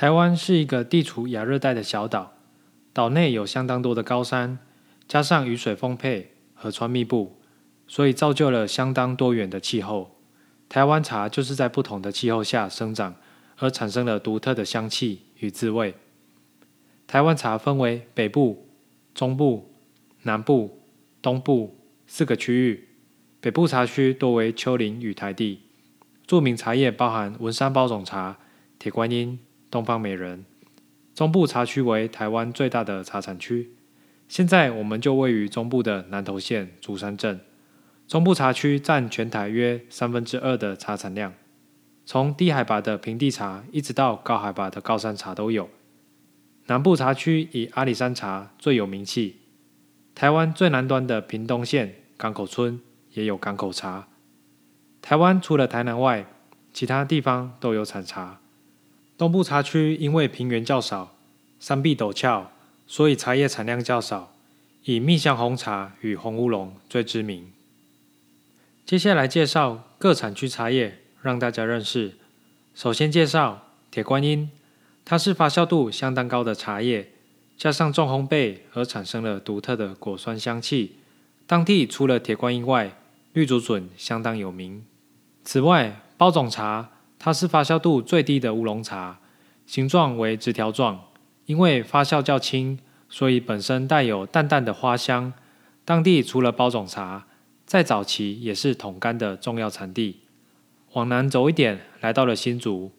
台灣是一個地處亞熱帶的小島，島內有相當多的高山，加上雨水豐沛、河川密布，所以造就了相當多元的氣候。台灣茶就是在不同的氣候下生長，而產生了獨特的香氣與滋味。台灣茶分為北部、中部、南部、東部四個區域。北部茶區多為丘陵與台地，著名茶葉包含文山包種茶、鐵觀音。東方美人，中部茶區為台灣最大的茶產區。現在我們就位於中部的南投縣竹山鎮。中部茶區佔全台約三分之二的茶產量，從低海拔的平地茶，一直到高海拔的高山茶都有。南部茶區以阿里山茶最有名氣。台灣最南端的屏東縣港口村也有港口茶。台灣除了台南外，其他地方都有產茶。東部茶區因為平原較少，山壁陡峭，所以茶葉產量較少，以蜜香紅茶與紅烏龍最知名。接下來介紹各產區茶葉，讓大家認識。首先介紹鐵觀音，它是發酵度相當高的茶葉，加上重烘焙而產生了獨特的果酸香氣。當地除了鐵觀音外，綠竹筍相當有名。此外，包種茶。它是發酵度最低的烏龍茶，形狀為直條狀。因為發酵較輕，所以本身帶有淡淡的花香。當地除了包種茶，在早期也是桶柑的重要產地。往南走一點，來到了新竹，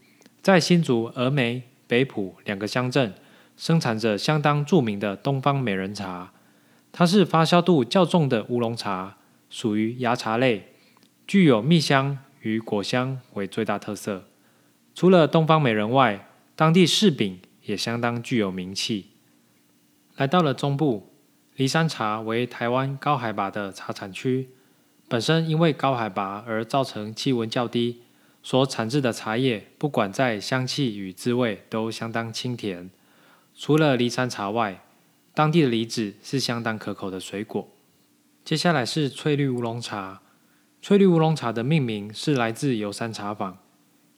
在新竹峨眉、北埔兩個鄉鎮，生產着相當著名的東方美人茶。它是發酵度較重的烏龍茶，屬於芽茶類，具有蜜香。與果香為最大特色。除了東方美人外，當地柿餅也相當具有名氣。來到了中部，梨山茶為台灣高海拔的茶產區，本身因為高海拔而造成氣溫較低，所產製的茶葉不管在香氣與滋味都相當清甜。除了梨山茶外，當地的梨子是相當可口的水果。接下來是翠綠烏龍茶。翠綠烏龍茶的命名是來自遊山茶訪，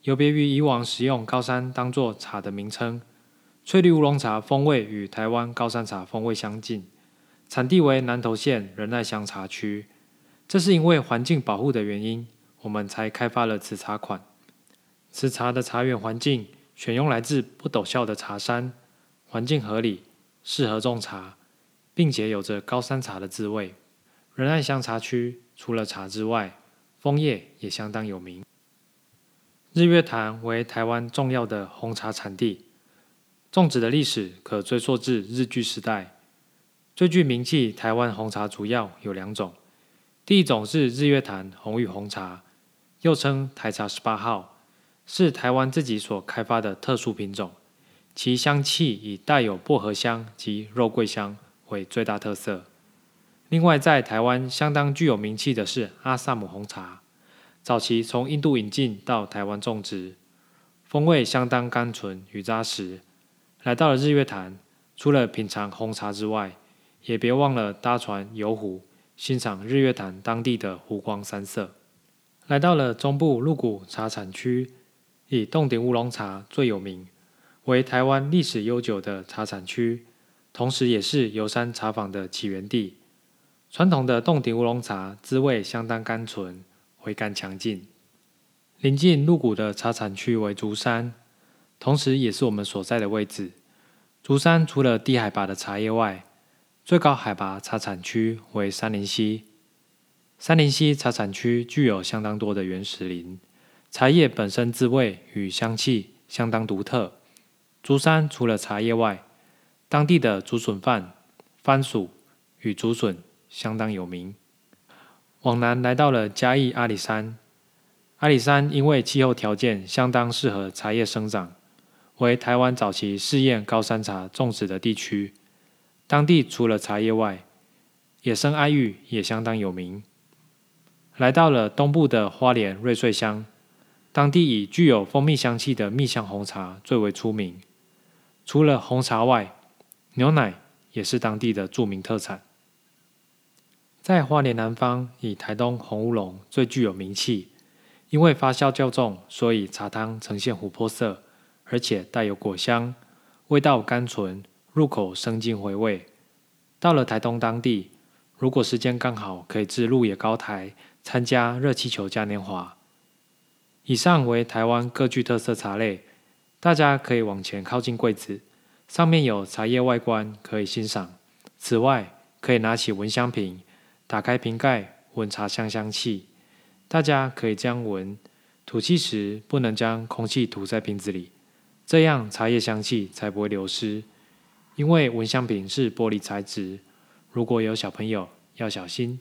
有別於以往使用高山當作茶的名稱。翠綠烏龍茶風味與台灣高山茶風味相近，產地為南投縣仁愛鄉茶區。這是因為環境保護的原因，我們才開發了此茶款。此茶的茶園環境選用來自不陡峭的茶山，環境合理，適合種茶，並且有着高山茶的滋味。仁愛鄉茶區。除了茶之外，楓葉也相當有名。日月潭為台灣重要的紅茶產地，種植的歷史可追溯至日據時代。最具名氣台灣紅茶主要有兩種，第一種是日月潭紅玉紅茶，又稱台茶十八號，是台灣自己所開發的特殊品種，其香氣以帶有薄荷香及肉桂香為最大特色。另外，在台灣相當具有名氣的是阿薩姆紅茶，早期從印度引進到台灣種植，風味相當甘醇與扎實。來到了日月潭，除了品嘗紅茶之外，也別忘了搭船遊湖，欣賞日月潭當地的湖光山色。來到了中部鹿谷茶產區，以凍頂烏龍茶最有名，為台灣歷史悠久的茶產區，同時也是遊山茶訪的起源地。傳統的凍頂烏龍茶滋味相當甘醇，回甘強勁。臨近鹿谷的茶產區為竹山，同時也是我們所在的位置。竹山除了低海拔的茶葉外，最高海拔茶產區為杉林溪。杉林溪茶產區具有相當多的原始林，茶葉本身滋味與香氣相當獨特。竹山除了茶葉外，當地的竹筍飯、番薯、與竹筍。相當有名。往南來到了嘉義阿里山，阿里山因為氣候條件相當適合茶葉生長，為台灣早期試驗高山茶種植的地區。當地除了茶葉外，野生愛玉也相當有名。來到了東部的花蓮瑞穗鄉，當地以具有蜂蜜香氣的蜜香紅茶最為出名。除了紅茶外，牛奶也是當地的著名特產。在花蓮南方，以台東紅烏龍最具有名氣。因為發酵較重，所以茶湯呈現琥珀色，而且帶有果香，味道甘醇，入口生津回味。到了台東當地，如果時間剛好，可以至鹿野高台參加熱氣球嘉年華。以上為台灣各具特色茶類，大家可以往前靠近櫃子，上面有茶葉外觀可以欣賞。此外，可以拿起聞香瓶。打開瓶蓋，聞茶香香氣。大家可以這樣聞，吐氣時，不能將空氣吐在瓶子裡，這樣茶葉香氣才不會流失。因為聞香瓶是玻璃材質，如果有小朋友要小心。